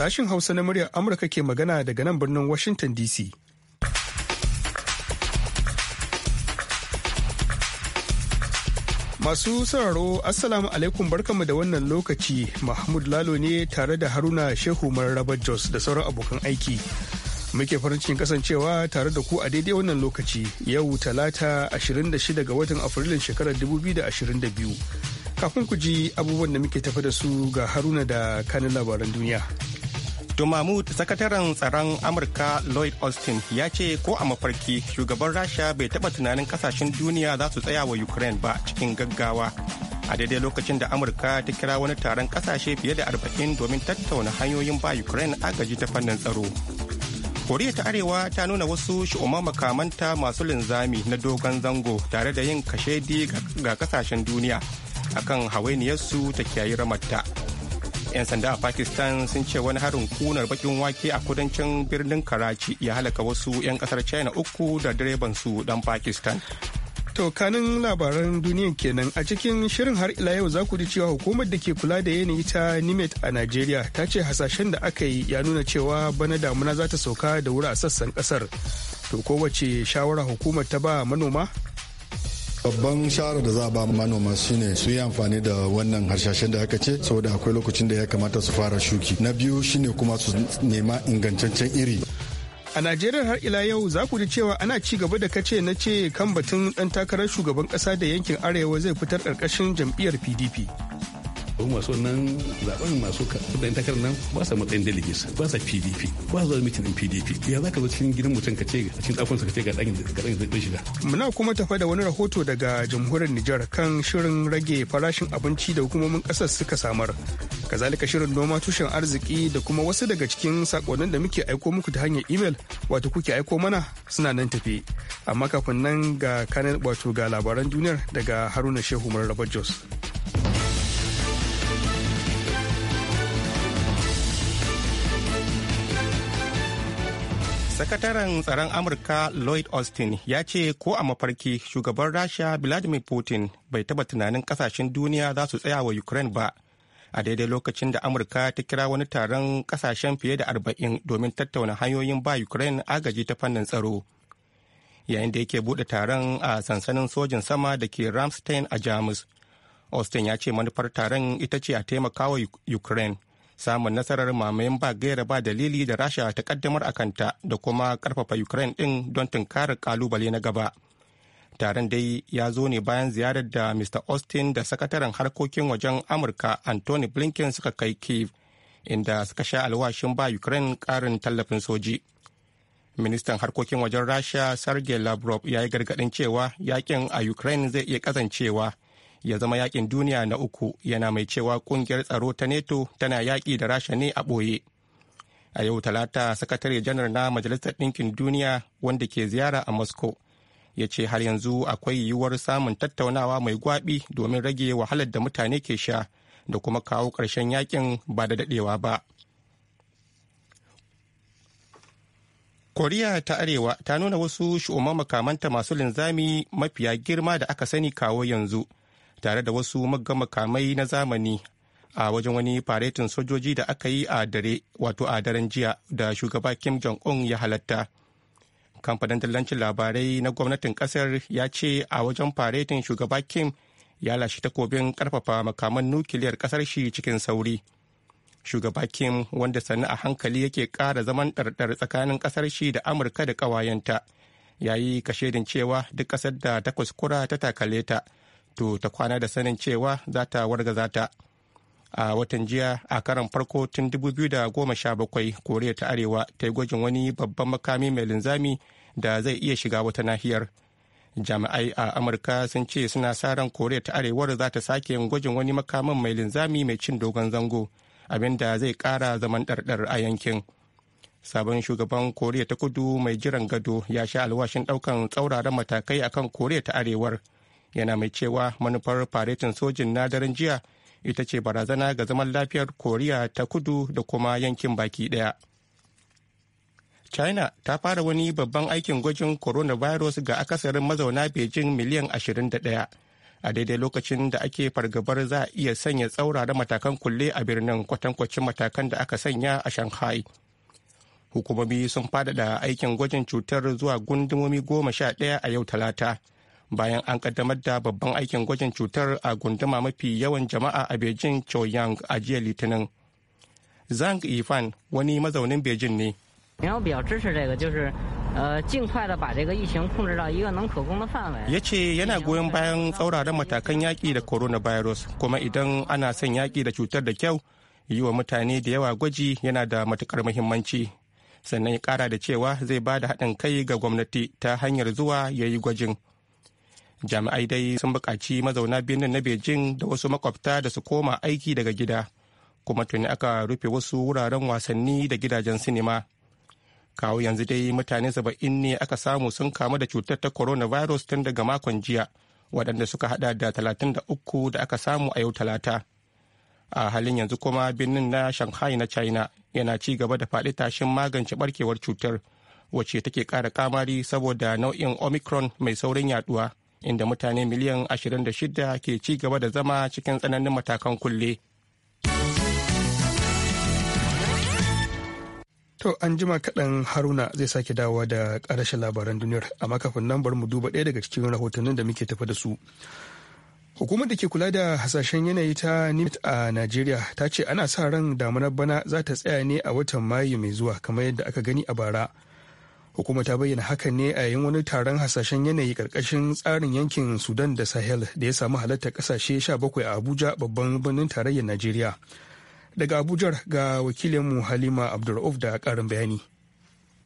Sashin Hausa na muryar Amurka ke magana daga nan birnin Washington DC. Masu sauraro Assalamu alaikum barkanmu da wannan lokaci Mahmud Lalo ne tare da Haruna Shehu mararraba Jos da sauran abokan aiki. Muke farin cikin kasancewa tare da ku a daidai wannan lokaci yau talata 26 ga watan Afrilun shekarar 2022. Kafin ku ji abubuwan da muke tafi da su ga Haruna da kanin labaran duniya. To Mahmud, sakataren tsaron Amurka Lloyd Austin ya ce ko a mafarki shugaban Rasha bai taɓa tunanin kasashen duniya za su tsaya wa Ukraine ba cikin gaggawa. A daidai lokacin da Amurka ta kira wani taron kasashe fiye da arba'in domin tattauna hanyoyin ba Ukraine agaji ta fannin tsaro. Koriya ta Arewa ta nuna wasu shi'uma makamanta masu linzami na dogon zango tare da yin kashedi ga kasashen duniya akan hawainiyarsu ta kiyayi ramarta. 'yan sanda a pakistan sun ce wani harin kunar bakin wake a kudancin birnin karachi ya halaka wasu 'yan kasar china uku da direban su dan pakistan To kanin labaran duniya kenan a cikin shirin har ila yau za ku ji cewa hukumar da ke kula da yanayi ta nimet a Najeriya ta ce hasashen da aka yi ya nuna cewa bana damuna za ta sauka da wuri a sassan kasar. To kowace shawara hukumar ta ba manoma? babban sharar da za a ba manoma shine su yi amfani da wannan harshashen da aka ce saboda akwai lokacin da ya kamata su fara shuki na biyu shine kuma su nema ingantaccen iri a najeriya har ila yau za ku ji cewa ana ci gaba da kace na ce kan batun dan takarar shugaban kasa da yankin arewa zai fitar karkashin jam'iyyar pdp domin masu wannan zaben masu kudin takarar nan ba sa matsayin delegates ba sa pdp ba sa zama cikin pdp ya za ka zo cikin gidan mutum ka ce a cikin ɗakunsa ka ce ga ɗan zai shiga. muna kuma tafa da wani rahoto daga jamhuriyar nijar kan shirin rage farashin abinci da hukumomin ƙasar suka samar kazalika shirin noma tushen arziki da kuma wasu daga cikin sakonnin da muke aiko muku ta hanyar email wato kuke aiko mana suna nan tafi amma kafin nan ga kanin wato ga labaran duniyar daga haruna shehu mararraba jos. Sakataren tsaron Amurka Lloyd Austin ya ce ko a mafarki shugaban Rasha Vladimir Putin bai taba tunanin kasashen duniya za su tsaya wa Ukraine ba. A daidai lokacin da Amurka ta kira wani taron kasashen fiye da arba'in domin tattauna hanyoyin ba Ukraine agaji ta fannin tsaro. Yayin da yake bude taron a sansanin sojin sama da ke Ramstein a Jamus. Austin ya ce manufar taron ita ce a taimaka wa Ukraine. samun nasarar mamayen ba gaira ba dalili da rasha ta kaddamar a kanta da kuma karfafa ukraine din don tunkarar kalubale na gaba taron dai ya zo ne bayan ziyarar da mr austin da sakataren harkokin wajen amurka anthony blinken suka kai kiev inda suka sha alwashin ba ukraine karin tallafin soji ministan harkokin wajen rasha sergei lavrov ya yi gargadin cewa yakin a ukraine zai iya kasancewa ya zama yakin duniya na uku yana mai cewa kungiyar tsaro ta neto tana yaƙi da rasha ne a ɓoye a yau talata sakatare janar na majalisar ɗinkin duniya wanda ke ziyara a moscow ya ce har yanzu akwai yiwuwar samun tattaunawa mai gwabi domin rage wahalar da mutane ke sha da kuma kawo ƙarshen yakin ba da daɗewa ba koriya ta arewa ta nuna wasu shu'umman makamanta masu linzami mafiya girma da aka sani kawo yanzu tare da wasu makamai na zamani a wajen wani faretin sojoji da aka yi a dare wato a daren jiya da shugaba kim jong-un ya halatta kamfanin dalancin labarai na gwamnatin kasar ya ce a wajen faretin shugaba kim ya lashe takobin karfafa makaman nukiliyar kasar shi cikin sauri shugaba kim wanda sannu a hankali yake kara zaman ɗarɗar tsakanin kasar shi da amurka da ƙawayenta ya yi kashedin cewa duk kasar da ta kuskura ta takale ta to ta kwana da sanin cewa za ta wargaza ta a watan jiya a karan farko tun 2017 koriya ta arewa ta yi gwajin wani babban makami mai linzami da zai iya shiga wata nahiyar jami'ai a amurka sun ce suna sa ran koriya ta arewar za ta sake yin gwajin wani makamin mai linzami mai cin dogon zango abin da zai kara zaman ɗarɗar a yankin sabon shugaban koriya ta kudu mai jiran gado ya sha alwashin ɗaukan tsauraran matakai akan koriya ta arewar yana mai cewa manufar faretin sojin na daren jiya ita ce barazana ga zaman lafiyar koriya ta kudu da kuma yankin baki daya china ta fara wani babban aikin gwajin coronavirus ga akasarin mazauna beijing miliyan 21 a daidai lokacin da ake fargabar za a iya sanya tsaurara matakan kulle a birnin kwatankwacin matakan da aka sanya a shanghai hukumomi sun faɗaɗa aikin gwajin cutar zuwa gundumomi goma sha ɗaya a yau talata bayan an kaddamar da babban aikin gwajin cutar a gunduma mafi yawan jama'a a beijing choyang a jiya litinin zhang ifan wani mazaunin beijing ne ya ce yana goyon bayan tsauraran matakan yaƙi da coronavirus kuma idan ana son yaƙi da cutar da kyau yi wa mutane da yawa gwaji yana da matukar muhimmanci sannan ya ƙara da cewa zai ba da haɗin kai ga gwamnati ta hanyar zuwa ya yi gwajin jami'ai dai sun buƙaci mazauna birnin na beijing da wasu makwabta da su koma aiki daga gida kuma tuni aka rufe wasu wuraren wasanni da gidajen sinima kawo yanzu dai mutane saba'in ne aka samu sun kamu da cutar ta coronavirus tun daga makon jiya waɗanda suka hada da talatin da uku da aka samu a yau talata a halin yanzu kuma birnin na shanghai na china yana ci gaba da faɗi tashin magance barkewar cutar wacce take ƙara kamari saboda nau'in omicron mai saurin yaduwa inda mutane miliyan 26 ke ci gaba da zama cikin tsananin matakan kulle. To an jima kaɗan Haruna zai sake dawowa da ƙarashin labaran duniyar, amma kafin nan bar mu duba ɗaya daga cikin rahotannin da muke tafa da su. Hukumar da ke kula da hasashen yanayi ta NIMT a Najeriya ta ce ana sa ran damunar bana za ta tsaya ne a watan Mayu mai zuwa kamar yadda aka gani a bara. hukuma ta bayyana hakan ne a yayin wani taron hasashen yanayi karkashin tsarin yankin Sudan da Sahel da ya samu halartar kasashe 17 a Abuja babban birnin tarayyar Najeriya. Daga Abujar ga wakilinmu Halima Abdulrauf da karin bayani.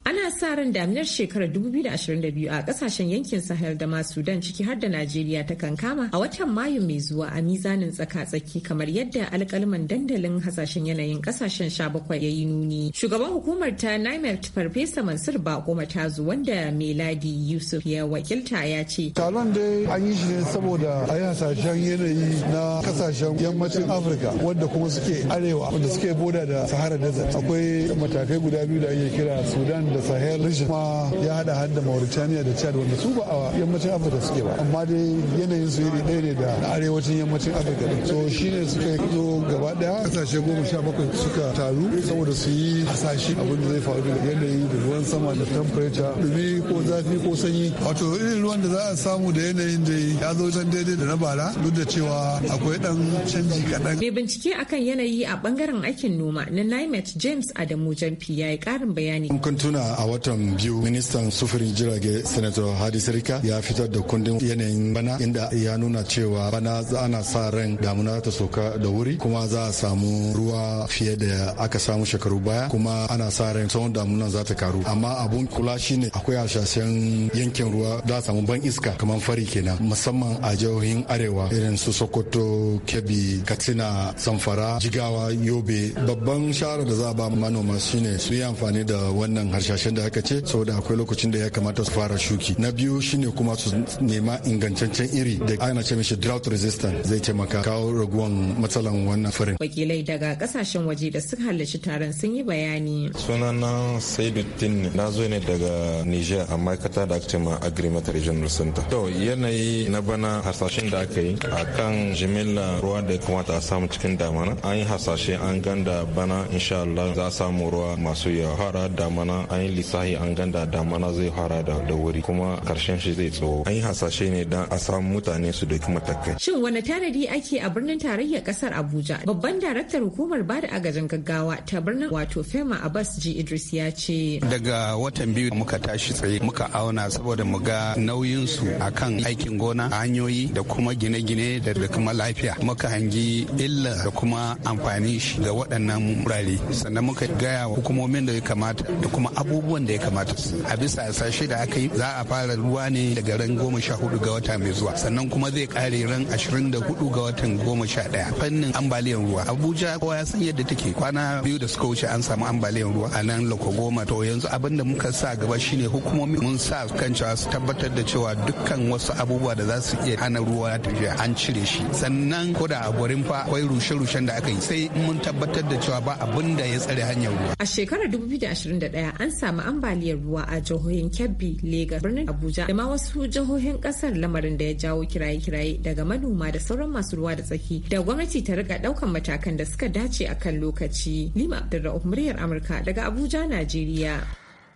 ana sa ran daminar shekarar 2022 a kasashen yankin sahel da ma sudan ciki har da najeriya ta kankama a watan mayu mai zuwa a mizanin tsaka-tsaki kamar yadda alkalman dandalin hasashen yanayin kasashen 17 ya yi nuni shugaban hukumar ta nimet farfesa mansur bako matazu wanda meladi yusuf ya wakilta ya ce taron dai an yi shi ne saboda a yi hasashen yanayi na kasashen yammacin afirka wanda kuma suke arewa wanda suke boda da sahara desert akwai matakai guda biyu da ake kira sudan da sahel region ma ya hada hadda mauritania da chad wanda su ba a yammacin afirka suke ba amma dai yanayin su iri ɗaya ne da arewacin yammacin afirka din so ne suka zo gaba daya kasashe goma sha bakwai suka taru saboda su yi hasashe abin da zai faru da yanayi da ruwan sama da temperature dumi ko zafi ko sanyi wato irin ruwan da za a samu da yanayin da ya zo can daidai da na bara duk da cewa akwai dan canji kaɗan. mai bincike akan yanayi a bangaren aikin noma na nimet james adamu jamfi ya yi ƙarin bayani. kun tuna a watan biyu ministan sufurin jirage senator hadi sirika ya fitar da kundin yanayin bana inda ya nuna cewa bana ana sa ran damuna ta soka da wuri kuma za a samu ruwa fiye da aka samu shekaru baya kuma ana sa ran tsawon damuna za ta karu amma abun kula shine akwai hasashen yankin ruwa za samu ban iska kamar fari kenan musamman a jihohin arewa irin su sokoto kebbi katsina zamfara jigawa yobe babban shara da za a ba manoma shine su yi amfani da wannan harshen hasashen da aka ce saboda akwai lokacin da ya kamata su fara shuki na biyu shine kuma su nema ingantaccen iri da ana ce mishi drought resistant zai taimaka kawo raguwan matsalan wannan farin wakilai daga kasashen waje da suka halarci taron sun yi bayani sunana saiduddin na zo ne daga niger a ma'aikata da aka ce ma agrimet regional center to yanayi na bana hasashen da aka yi a kan jimilla ruwa da ya kamata a samu cikin damana an yi hasashe an ganda bana insha Allah za a samu ruwa masu yawa fara damana an an yi lissahi an ganda damana zai fara da da wuri kuma karshen shi zai tsawo an yi hasashe ne don a samu mutane su doki matakai shin wani tanadi ake a birnin tarayyar kasar abuja babban daraktar hukumar bada agajin gaggawa ta birnin wato fema abbas ji idris ya ce daga watan biyu muka tashi tsaye muka auna saboda mu ga nauyinsu akan aikin gona hanyoyi da kuma gine-gine da kuma lafiya muka hangi illa da kuma amfani shi ga waɗannan murare sannan muka gaya wa hukumomin da ya kamata da kuma abubuwan da ya kamata su a bisa sashe da aka yi za a fara ruwa ne daga ran goma sha hudu ga wata mai zuwa sannan kuma zai kare ran ashirin da hudu ga watan goma sha daya fannin ambaliyan ruwa abuja kowa ya san yadda take kwana biyu da suka wuce an samu ambaliyan ruwa a nan loko goma to yanzu abin da muka sa gaba shine hukumomi mun sa kan cewa su tabbatar da cewa dukkan wasu abubuwa da za su iya hana ruwa ya tafiya an cire shi sannan ko da a gwarin fa akwai rushe-rushen da aka yi sai mun tabbatar da cewa ba abin da ya tsare hanyar ruwa a shekarar 2021 an samu ambaliyar ruwa a jihohin Kebbi, Legas, birnin Abuja da ma wasu jihohin kasar lamarin da ya jawo kiraye-kiraye daga manoma da sauran masu ruwa da tsaki da gwamnati ta rika daukan matakan da suka dace a kan lokaci. Lima Abdulrahman muryar Amurka daga Abuja, Najeriya.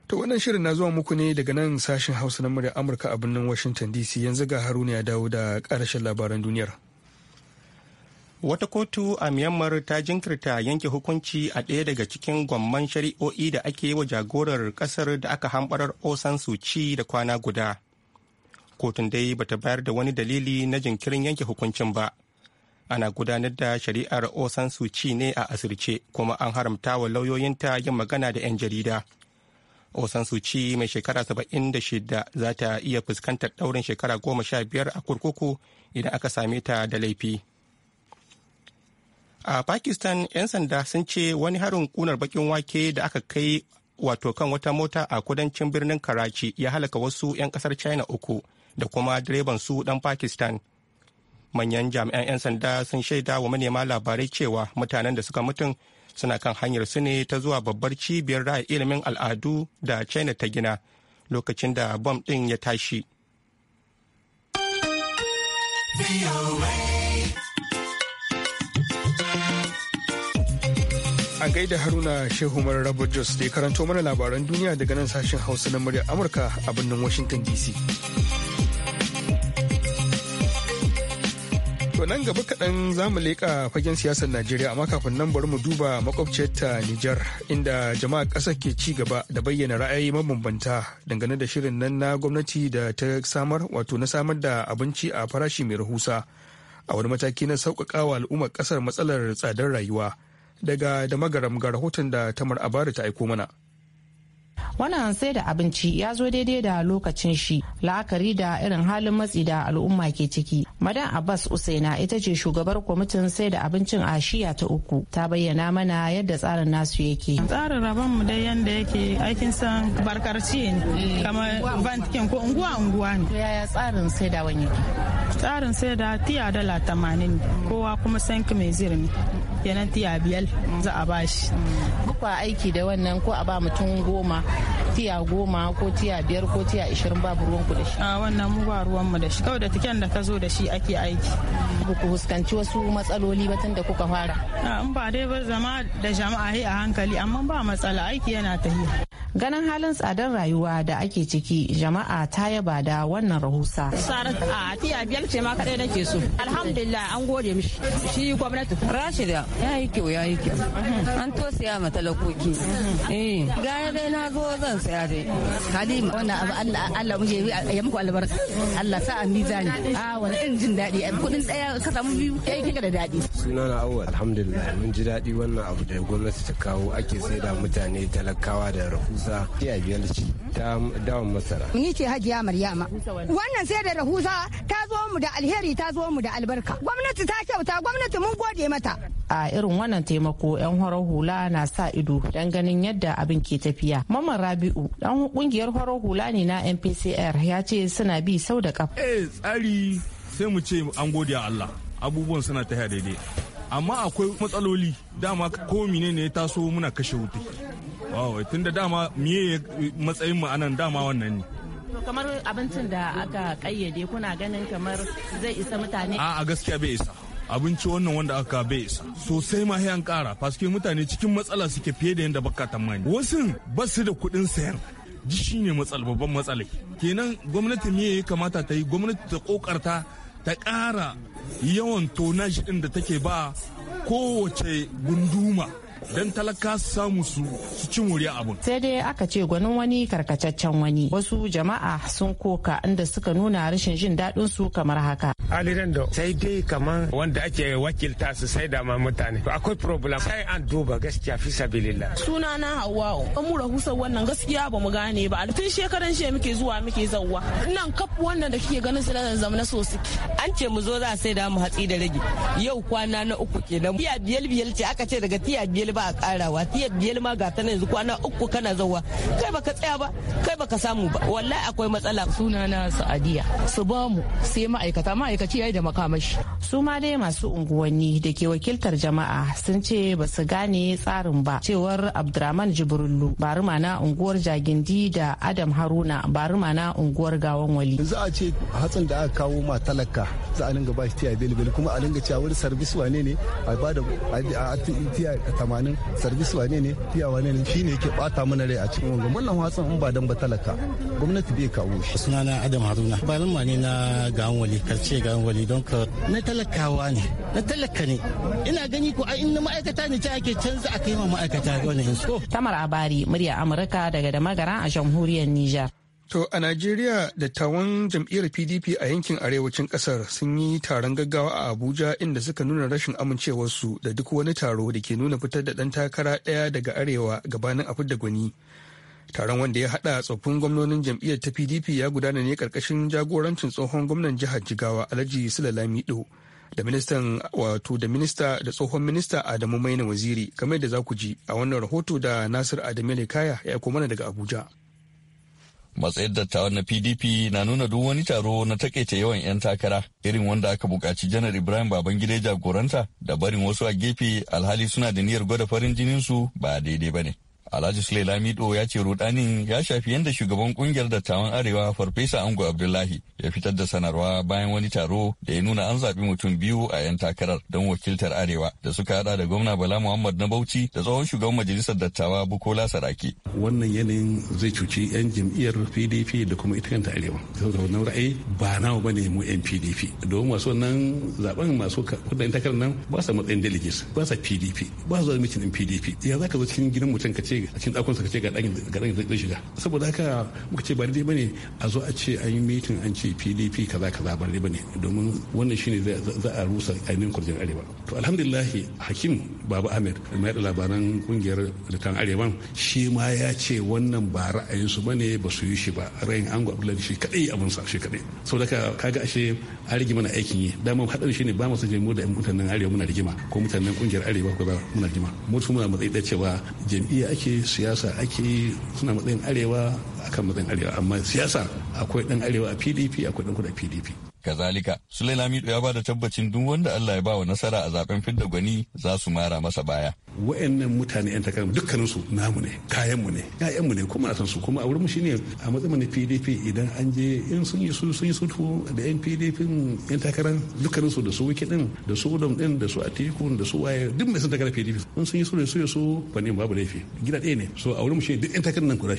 To wannan shirin na zuwa muku ne daga nan sashen Hausa na muryar Amurka a birnin Washington DC yanzu ga Haruna ya dawo da karashen labaran duniyar. Wata kotu a Myanmar ta jinkirta yanke hukunci a ɗaya daga cikin gwamman shari'o'i da ake yi wa jagorar ƙasar da aka hambarar Osan Suci da kwana guda. Kotun dai bata bayar da wani dalili na jinkirin yanke hukuncin ba. Ana gudanar da shari'ar Osan Suci ne a asirce kuma an haramta wa lauyoyinta yin magana da 'yan jarida. Osan Suci mai shekara saba'in 76 za ta iya fuskantar ɗaurin shekara goma sha biyar a kurkuku idan aka same ta da laifi. a pakistan 'yan sanda sun ce wani harin kunar bakin wake da aka kai wato kan wata mota a kudancin birnin karachi ya halaka wasu 'yan kasar china uku da kuma direban su dan pakistan manyan jami'an 'yan sanda sun shaida wa manema labarai cewa mutanen da suka mutum suna kan hanyar su ne ta zuwa babbar cibiyar ra'ayi ilimin al'adu da china ta gina lokacin da bom ɗin ya tashi. gaida haruna shehu rabu jos da ya karanto mana labaran duniya daga nan sashen hausa na murya amurka a birnin washington dc to nan gaba kaɗan za mu leƙa fagen siyasar najeriya amma kafin nan bari mu duba makwabciyarta nijar inda jama'a ƙasar ke ci gaba da bayyana ra'ayi mabambanta dangane da shirin nan na gwamnati da ta samar wato na samar da abinci a farashi mai rahusa a wani mataki na sauƙaƙa wa al'ummar ƙasar matsalar tsadar rayuwa daga da magaram ga rahoton da tamar abari ta aiko mana wannan sai da abinci ya zo daidai da lokacin shi la'akari da irin halin matsi da al'umma ke ciki madan abbas usaina ita ce shugabar kwamitin sai da abincin a shiya ta uku ta bayyana mana yadda tsarin nasu yake tsarin rabon mu dai yanda yake aikin san barkarci ne kamar bankin ko unguwa unguwa ne yaya tsarin sai da wani tsarin sai da tiya dala tamanin kowa kuma sanki mai zirmi kenan tiya biyar za a bashi ba aiki da wannan ko a ba mutum goma tiya goma ko tiya biyar ko tiya ishirin babu ku da shi a wannan mu ba mu da shi kawai da tiken da ka zo da shi ake aiki ba ku fuskanci wasu matsaloli ba tun da kuka fara in ba dai ba zama da jama'a a hankali amma ba matsala aiki yana tafiya ganin halin tsadar rayuwa da ake ciki jama'a ta yaba da wannan rahusa sarar a tiya biyar ce ma kaɗai nake so alhamdulillah an gode mishi shi gwamnati rashida ya yi kyau ya yi kyau mhm. an to siya ma talakoki mhm. eh gane dai na zo zan saya dai halima wannan abu Allah Allah mu je ya albarka Allah sa an mizani a wani irin jin daɗi kudin ɗaya, ka samu biyu kai kika da daɗi Suna na awwal alhamdulillah mun ji daɗi wannan abu da gwamnati ta kawo ake da mutane talakawa da rahusa rahusa ya biyar ce ta dawon masara. Ni ce Hajiya Maryama. Wannan sai da rahusa ta zo mu da alheri ta zo mu da albarka. Gwamnati ta kyauta gwamnati mun gode mata. A irin wannan taimako 'yan horar hula na sa ido don ganin yadda abin ke tafiya. Maman Rabi'u dan kungiyar horar hula ne na NPCR ya ce suna bi sau da kafa. Eh tsari sai mu ce an gode Allah abubuwan suna tafiya daidai. amma akwai matsaloli dama ko ne ya taso muna kashe wuta Wow, tun da dama miye matsayin mu anan dama wannan ne. kamar abincin da aka kayyade kuna ganin kamar zai isa mutane? A gaskiya bai isa. abinci wannan wanda aka bai isa sosai ma an kara paske mutane cikin matsala suke fiye da yadda baka tamani wasu ba su da kuɗin sayar, ji shi ne matsal babban matsala kenan gwamnati miye ya kamata ta yi gwamnati ta kokarta ta ƙara yawan tonashi ɗin da take ba kowace gunduma don talaka su samu su wuri a abun. Sai dai aka ce gwanin wani karkataccen wani. Wasu jama'a sun koka inda suka nuna rashin jin daɗin su kamar haka. Aliran da sai dai kamar wanda ake wakilta su sai da ma mutane. Akwai problem sai an duba gaskiya fi sabilila. Suna na o. An mura husar wannan gaskiya ba mu gane ba. Tun shekaran shi muke zuwa muke zauwa. Nan kaf wannan da kike ganin su na zanzam na sosi. An ce mu zo za sai da mu hatsi da rage. Yau kwana na uku kenan. Tiya biyar biyar ce aka ce daga tiya biyar biyar ba a karawa tiya biyar ma gata ta yanzu kwana uku kana zauwa kai baka tsaya ba kai baka samu ba wallahi akwai matsala sunana sa'adiya su ba mu sai ma'aikata ma'aikaci yayi da makamashi su ma dai masu unguwanni da ke wakiltar jama'a sun ce ba su gane tsarin ba cewar abdurrahman jibrullu baruma na unguwar jagindi da adam haruna baruma na unguwar gawan wali za a ce hatsin da aka kawo ma talaka za a dinga ba shi tiya kuma a dinga cewa wani sarbis wane ne a ba da tiya amfanin service wane ne fiya wane ne shine yake bata mana rai a cikin wangan wannan wasan in ba dan ba talaka gwamnati bai kawo shi sunana adam haruna nan ma ne na gawan wali karce gawan wali don ka na talakawa ne na talaka ne ina gani ko ai na ma'aikata ne ta ake canza a kai ma ma'aikata wannan so tamar abari murya amurka daga da magara a jamhuriyar niger To a Najeriya dattawan jam'iyyar PDP a yankin arewacin kasar sun yi taron gaggawa a Abuja inda suka nuna rashin amincewarsu da duk wani taro da ke nuna fitar da ɗan takara ɗaya daga arewa gabanin a da gwani. Taron wanda ya haɗa tsoffin gwamnonin jam'iyyar ta PDP ya gudana ne karkashin jagorancin tsohon gwamnan jihar Jigawa Alhaji Sula Lamido da ministan wato da minista da tsohon minista Adamu Maina Waziri kamar da za ku ji a wannan rahoto da Nasir Adamu Kaya ya mana daga Abuja. matsayin dattawan na pdp na nuna duk wani taro na takaita yawan 'yan takara irin wanda aka buƙaci janar ibrahim babangida jagoranta da barin wasu a gefe alhali suna da niyyar gwada farin jinin su ba daidai ba ne Alhaji Sule Lamido ya ce rudani ya shafi yadda shugaban kungiyar dattawan Arewa Farfesa Ango Abdullahi ya fitar da sanarwa bayan wani taro da ya nuna an zaɓi mutum biyu a 'yan takarar don wakiltar Arewa da suka hada da gwamna Bala Muhammad na Bauchi da tsohon shugaban majalisar dattawa Bukola Saraki. Wannan yanayin zai cuci 'yan jam'iyyar PDP da kuma ita kanta Arewa. Saboda wannan ra'ayi ba nawa bane mu 'yan PDP. Domin masu wannan zaben masu kudin takarar nan ba sa matsayin delegates ba sa PDP ba su zama PDP. Ya za ka zo cikin gidan mutum ka ce a cikin ɗakon suka ce ga ɗakin zai shiga saboda haka muka ce ba daidai bane a zo a ce an yi mitin an ce pdp kaza kaza ba daidai bane domin wannan shine za a rusa ainihin kurjin arewa to alhamdulillah hakim baba ahmed mai da labaran kungiyar littan arewan shi ma ya ce wannan ba ra'ayin su bane ba su yi shi ba ra'ayin ango abdullahi shi kadai abin sa shi kadai saboda haka kaga ashe an rigi mana aikin yi dama haɗin shine ba mu san mu da mutanen arewa muna rigima ko mutanen kungiyar arewa ko muna rigima mu muna matsayi da cewa jam'iyya ake ake siyasa ake suna matsayin arewa akan matsayin arewa amma siyasa akwai dan arewa a pdp akwai dan kudu a pdp kazalika sulaimamido ya ba da tabbacin duk wanda allah ya ba wa nasara a zaben fidda gwani za su mara masa baya wa'annan mutane yan dukkanin su namu ne mu ne mu ne kuma san su kuma a wurin mu shine a matsayin PDP idan an je in sun yi sun yi sutu da yan PDP yan takarar dukkaninsu da su wiki din da su dom din da su atiku da su waye duk mai sun takarar PDP in sun yi su da su su fannin babu laifi gida ɗaya ne so a wurin mu shine duk yan takarar nan guda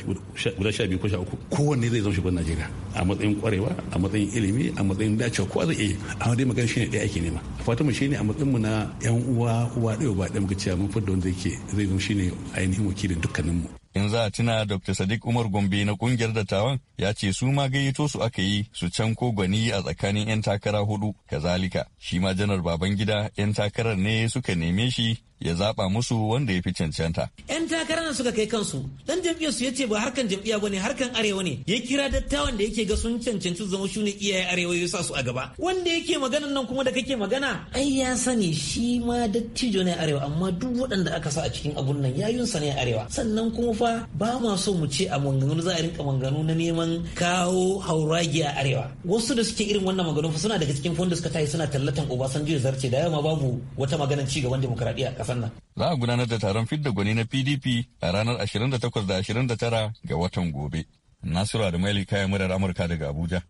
sha biyu ko sha uku kowanne zai zama shugaban Najeriya a matsayin kwarewa a matsayin ilimi a matsayin dacewa kowa zai iya amma dai magana shine ɗaya ake nema fatan mu shine a matsayin mu na yan uwa uwa ɗaya ba ɗaya muka ce mun fi don wanda ke zai zama shine ainihin wakilin dukkaninmu in za a tuna dr sadiq umar gombe na kungiyar dattawan ya ce su ma gayyato su aka yi su can ko gwani a tsakanin 'yan takara hudu kazalika shi ma janar babangida 'yan takarar ne suka neme shi ya zaba musu wanda ya fi cancanta. 'Yan takara na suka kai kansu, dan jam'iyyar su yace ba harkan jam'iyya bane harkan arewa ne. Ya kira dattawan da yake ga sun cancanci zama shune iyaye arewa ya sa su a gaba. Wanda yake magana nan kuma da kake magana, ai ya sani shi ma dattijo ne arewa amma duk waɗanda aka sa a cikin abun nan yayun sa ne arewa. Sannan kuma fa ba ma so mu ce a manganu za a rinka manganu na neman kawo hauragi a arewa. Wasu da suke irin wannan maganganu suna daga cikin fondus suka tayi suna tallatan Obasanjo ya zarce da yawa babu wata maganar ci gaban demokradiyya nan. Za a gudanar da taron fidda gwani na PDP a ranar 28 da 29 ga watan gobe. Nasiru Adamaili kayan murar Amurka daga Abuja,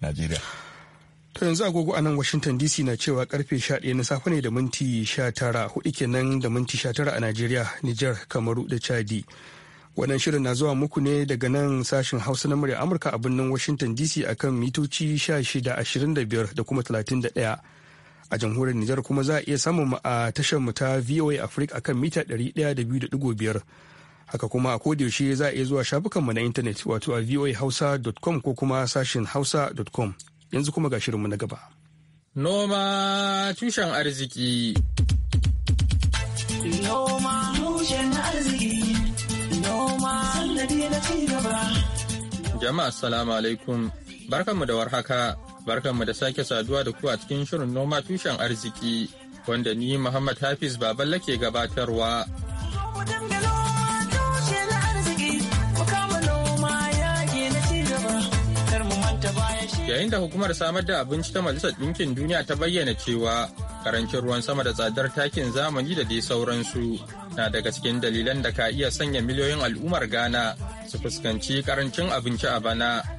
Najeriya. To yanzu agogo a nan Washington DC na cewa karfe 11 na safe ne da minti 19 hudu kenan da minti 19 a Najeriya, Nijar, Kamaru da Chadi. Wannan shirin na zuwa muku ne daga nan sashen Hausa na murya Amurka a birnin Washington DC akan mitoci 16, 25 da kuma 31. a jamhuriyar Nijar kuma za a iya samun a tashar mu ta VOA Africa akan mita 102.5 haka kuma a yaushe za a iya zuwa shafukan mu na intanet wato a voahausa.com ko kuma sashin hausa.com yanzu kuma ga shirinmu na gaba. Noma tushen arziki. Jama'a salamu alaikum. Barkanmu da warhaka. Barkanmu da sake saduwa da ku a cikin shirin noma tushen arziki wanda ni Muhammad Hafiz Baballa ke gabatarwa. Yayin da hukumar samar da abinci ta Majalisar Ɗinkin Duniya ta bayyana cewa karancin ruwan sama da tsadar takin zamani da dai sauransu na daga cikin dalilan da ka iya sanya miliyoyin al'ummar Ghana su fuskanci karancin abinci a bana.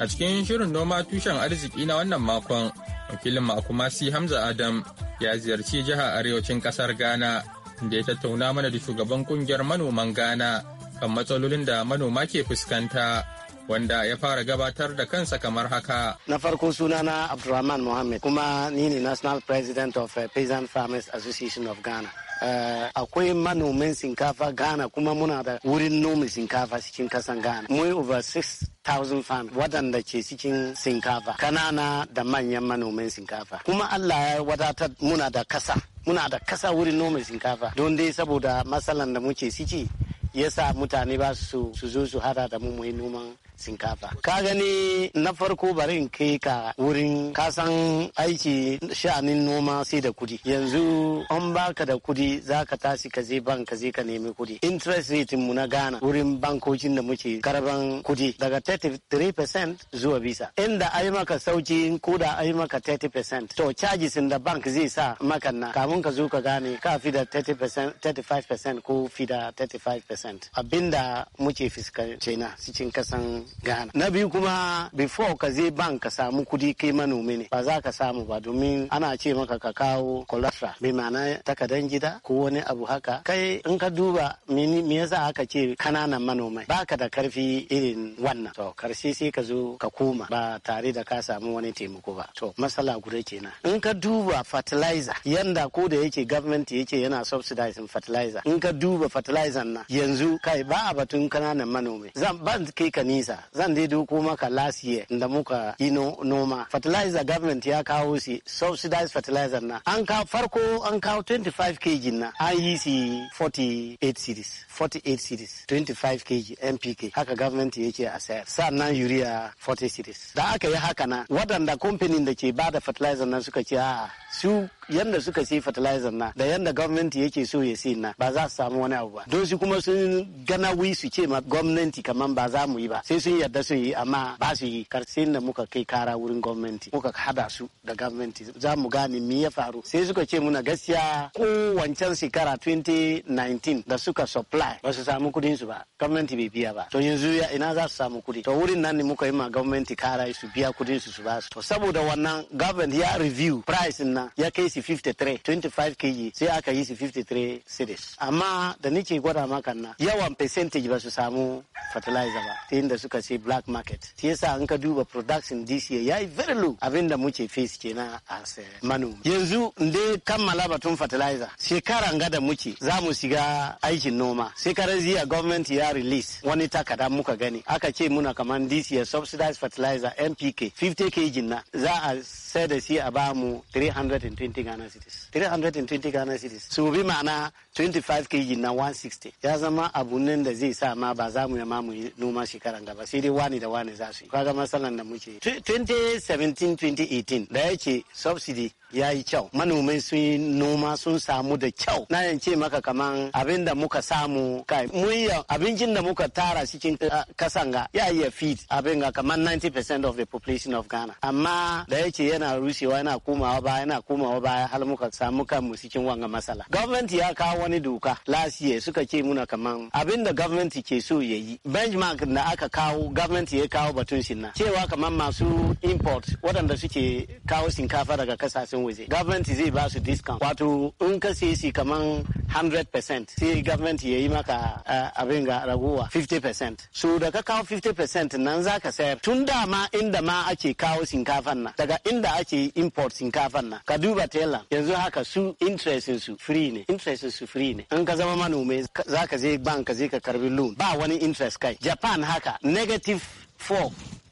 A cikin shirin noma tushen arziki na wannan makon, wakilin Makumasi Hamza Adam ya ziyarci jiha arewacin kasar Ghana da ya tattauna mana da shugaban kungiyar manoman Ghana kan matsalolin da manoma ke fuskanta. wanda ya fara gabatar da kansa kamar haka. Na farko sunana Abdulrahman Mohammed kuma ni ne National President of eh, Peasant Farmers Association of Ghana. Eh, akwai manomin shinkafa Ghana kuma muna da wurin nome shinkafa cikin kasan Ghana. Mu over 6,000 fan waɗanda ke cikin shinkafa, kanana da manyan manomin shinkafa. Kuma Allah ya wadatar muna da kasa. Muna da kasa wurin nome shinkafa. Don dai saboda matsalan da muke ciki yasa mutane ba su zo su hada da mu muyi noman shinkafa ka gani na farko bari in kai ka wurin kasan aiki sha'anin noma sai da kudi yanzu an baka da kudi za ka tashi ka je bank ka je ka nemi kudi interest rate mu na gana. wurin bankocin da muke karban kudi daga 33% zuwa bisa inda ai maka sauki ko da ai maka 30% to charges da bank zai sa maka na kamun ka zo ka gane ka fi da 30% 35% ko fi da 35% abinda muke fuskance na cikin kasan gana Na biyu kuma before ka je bank ka samu kudi kai manomi ne ba za ka samu ba domin ana ce maka ka kawo collateral mai ma'ana takadan gida ko wani abu haka kai in ka duba me yasa aka ce kananan manomai baka da karfi irin wannan to karshe sai ka zo ka koma ba tare da ka samu wani taimako ba to masala guda kenan in ka duba fertilizer yanda ko da yake government yake yana subsidizing fertilizer in ka duba fertilizer na yanzu kai ba a batun kananan manomai zan ban kai ka nisa zan dai duko maka last year da muka yi noma fertilizer government ya kawo shi subsidized fertilizer na an ka farko an kawo 25 kg na an yi shi 48 series 48 series 25 kg mpk haka government ya ce a sayar sannan urea 40 series da aka yi haka na waɗanda kamfanin da ke ba da fertilizer na suka ce a su yanda suka sai fertilizer na da yanda gwamnati yake so ya sai na ba za su samu wani abu ba don su kuma sun gana ganawi su ce ma gwamnati kaman ba za mu yi ba sai sun yarda su yi amma ba su yi karsin da muka kai kara wurin gwamnati muka hada su da gwamnati za mu gane me ya faru sai suka ce muna gaskiya ko wancan shekara 2019 da suka supply ba su samu kudin su ba gwamnati bai biya ba to yanzu ya ina za su samu kudi to wurin nan ne muka yi ma gwamnati kara su biya kudin su su ba su to saboda wannan gwamnati ya review price na ya kai su shi 53 25 kg sai aka yi shi 53 cedis amma da nake gwada maka na yawan percentage ba su samu fertilizer ba ta yadda suka ce black market ta yasa an ka duba production this year yayi very low abin da muke face kenan a manoma yanzu dai kammala batun fertilizer shekaran gada muke za mu shiga aikin noma shekaran ziya government ya release wani takada muka gani aka ce muna kamar this year subsidized fertilizer npk 50 kg na za a sai da shi a bamu 320 Ghana cities 320 Ghana cities su bi ma'ana 25 kg na 160 ya zama abu nan da zai sa ma ba za mu ma mu noma shekaran gaba sai dai wani da wani za su yi kaga masalan da muke 2017 2018 da yake subsidy ya yi kyau manomai sun yi noma sun samu da kyau na yance maka kaman abin da muka samu kai muya abincin da muka tara cikin eh, kasan ga ya iya feed abin ga kaman 90% of the population of Ghana amma da yake yana rushewa yana komawa ba yana komawa ba baya har muka samu kanmu cikin wanga masala gwamnati ya kawo wani doka last year suka ce muna kaman abin da gwamnati ke so ya yi benchmark da aka kawo gwamnati ya kawo batun sinna cewa kaman masu import waɗanda suke kawo shinkafa daga kasashen waje gwamnati zai ba su discount wato in ka siye shi kaman 100% sai gwamnati ya yi maka uh, abin ga raguwa 50% so da ka kawo 50% nan za ka sayar tun dama inda ma ake kawo shinkafan na daga inda ake import shinkafan nan ka duba ta telan yanzu haka su interestin su free ne interestin su free ne in ka zama manomi za ka je bank ka je ka karbi loan ba wani interest kai japan haka negative 4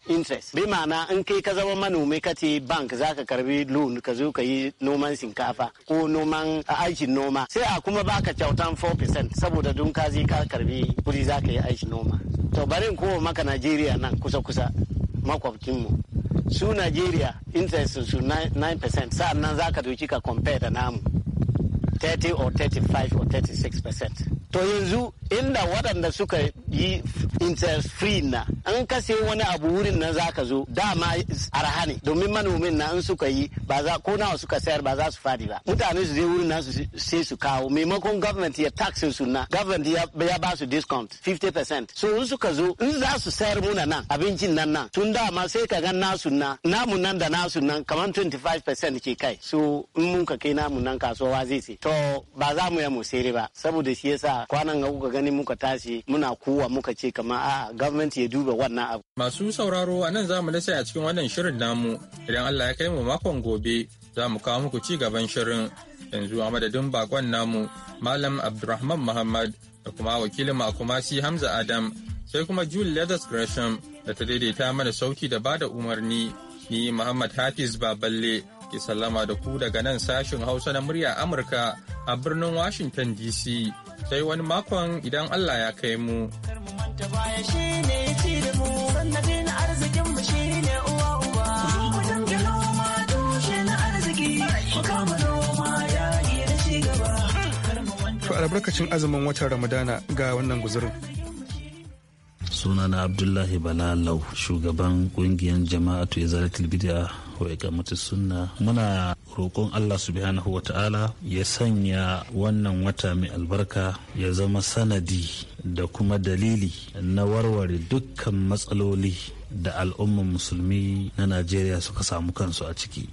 interest bi ma'ana in kai ka zama manomi ka ce bank za ka karbi loan ka zo ka yi noman shinkafa ko noman aikin noma sai a kuma baka kyautan 4% saboda don ka je ka karbi kudi za ka yi aikin noma to barin in kowa maka najeriya nan kusa-kusa makwabcinmu su Najeriya interest su 9% sa'an nan za ka doki ka compare da namu 30 or 35 or 36 percent. To yanzu inda waɗanda suka yi interest na an kase wani abu wurin nan za ka zo dama arha ne domin manomin na in suka yi ba za ko nawa suka sayar ba za su fadi ba mutane su je wurin nan su sai su kawo maimakon government ya taxin su na government ya ba su discount 50% so in suka zo in za su sayar muna nan abincin nan nan tun dama sai ka ga nasu na namu nan da nasu nan kamar 25% ke kai so in mun ka kai namu nan kasuwa zai ce to ba za mu ya mu sayar ba saboda shi yasa kwanan ga kuka gani muka tashi muna kuwa muka ce kama a gwamnati ya duba wannan abu. Masu sauraro a nan za mu dasa a cikin wannan shirin namu idan Allah ya kai mu makon gobe za mu kawo muku ci gaban shirin yanzu a madadin bakon namu Malam Abdulrahman Muhammad da kuma wakilin Makumasi Hamza Adam sai kuma Jule Leathers Gresham da ta daidaita mana sauki da bada umarni ni Muhammad Hafiz Baballe ke sallama da ku daga nan sashin Hausa na murya Amurka a birnin Washington DC. sai wani makon idan Allah ya kai mu. To albarkacin azumin watan Ramadana ga wannan guzurin. sunana abdullahi balalau shugaban kungiyar jama'atu izalatul bid'a wa ga sunna muna roƙon Allah subhanahu wa ta'ala ya sanya wannan wata mai albarka ya zama sanadi da kuma dalili na warware dukkan matsaloli da al'umman musulmi na Najeriya suka samu kansu a ciki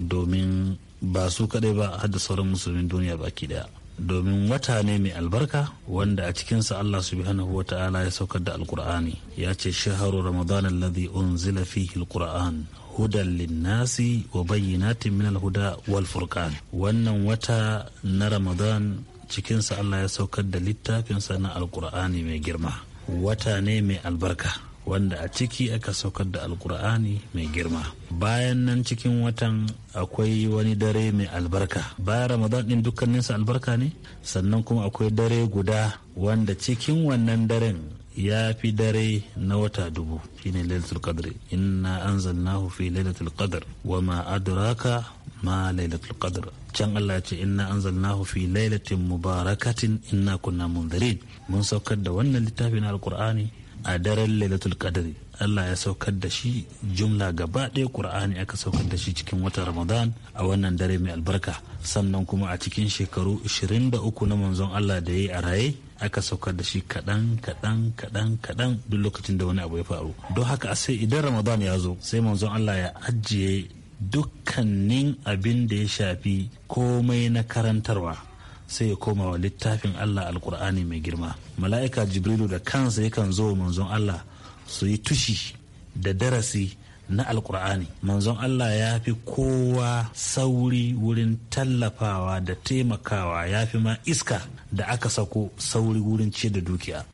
domin ba su kadai ba har da sauran musulmin duniya baki daya domin wata ne mai albarka wanda a cikinsa Allah subhanahu wa ta'ala ya saukar da alkur'ani ya ce shaharu ramadan alladhi unzila fihi alquran hudan linnasi wa bayyinatin min alhuda wal furqan wannan wata na ramadan cikinsa Allah ya saukar da littafinsa na alkur'ani mai girma wata ne mai albarka wanda a ciki aka saukar da alkur'ani mai girma bayan nan cikin watan akwai wani dare mai albarka bayan ramadan din dukkaninsa albarka ne sannan kuma akwai dare guda wanda cikin wannan daren ya fi dare na wata dubu shine lailatul qadr inna anzalnahu fi lailatul qadr wa ma adraka ma lailatul qadr can Allah ce inna anzalnahu fi lailatin mubarakatin inna kunna munzirin mun saukar da wannan littafin alqur'ani a daren lailatul qadri Allah ya saukar da shi jumla gaba ɗaya Kur'ani aka saukar da shi cikin watan Ramadan a wannan dare mai albarka sannan kuma a cikin shekaru 23 na manzon Allah da ya yi a raye aka saukar da shi kaɗan kaɗan kaɗan kaɗan duk lokacin da wani abu ya faru don haka sai idan Ramadan ya zo sai manzon Allah ya ajiye dukkanin abin da ya shafi komai na karantarwa sai ya koma wa littafin Allah alkur'ani mai girma mala'ika jibrilu da kansa yakan zo manzon Allah su yi tushi da darasi na alkur'ani manzon Allah ya fi kowa sauri wurin tallafawa da taimakawa ya fi ma iska da aka sako sauri wurin ce da dukiya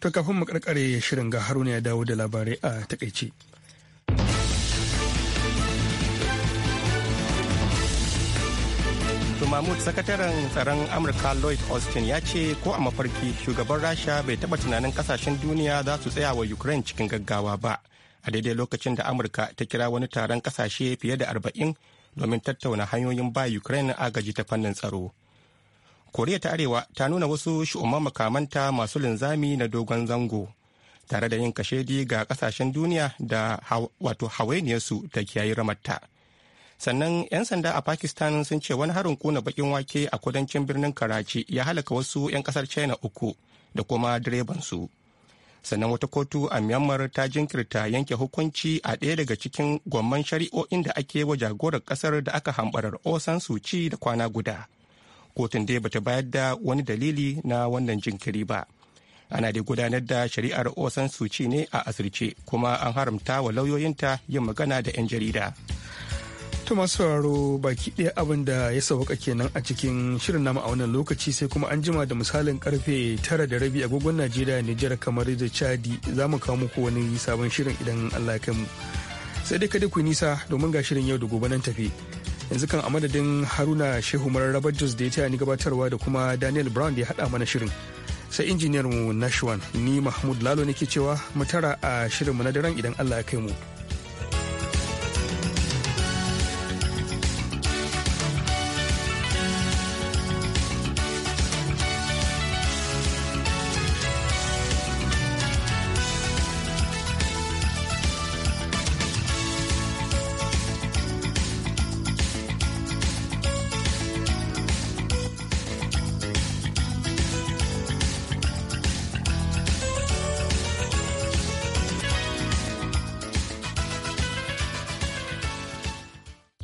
to kafin mu karkare shirin ga haruna ya dawo da labarai a takaice wato Mahmud sakataren tsaron Amurka Lloyd Austin ya ce ko a mafarki shugaban Rasha bai taba tunanin kasashen duniya za su tsaya wa Ukraine cikin gaggawa ba. A daidai lokacin da Amurka ta kira wani taron kasashe fiye da arba'in domin tattauna hanyoyin ba Ukraine agaji ta fannin tsaro. Koriya ta Arewa ta nuna wasu shu'umman makamanta masu linzami na dogon zango tare da yin kashedi ga kasashen duniya da wato hawainiyarsu ta kiyayi ramarta. sannan 'yan sanda a pakistan sun ce wani harin kuna bakin wake a kudancin birnin karachi ya halaka wasu 'yan kasar china uku da kuma direbansu sannan wata kotu a myanmar ta jinkirta yanke hukunci a ɗaya daga cikin gwamman shari'o'in da ake wa jagorar kasar da aka hambarar osan suci da kwana guda kotun dai bata bayar da wani dalili na wannan jinkiri ba ana dai gudanar da shari'ar osan suci ne a asirce kuma an haramta wa lauyoyinta yin magana da 'yan jarida. To masu sauraro baki ɗaya abin da ya sauka kenan a cikin shirin nama a wannan lokaci sai kuma an jima da misalin karfe tara da rabi agogon Najeriya Nijar kamar da Chadi za mu kawo muku wani sabon shirin idan Allah ya kai mu. Sai dai kada ku nisa domin ga shirin yau da gobe nan tafi. yanzu kan a madadin haruna shehu mararraba jos da ya taya ni gabatarwa da kuma daniel brown da ya haɗa mana shirin sai injiniyar mu nashwan ni mahmud lalo nake cewa mu tara a shirinmu na daren idan allah ya kai mu.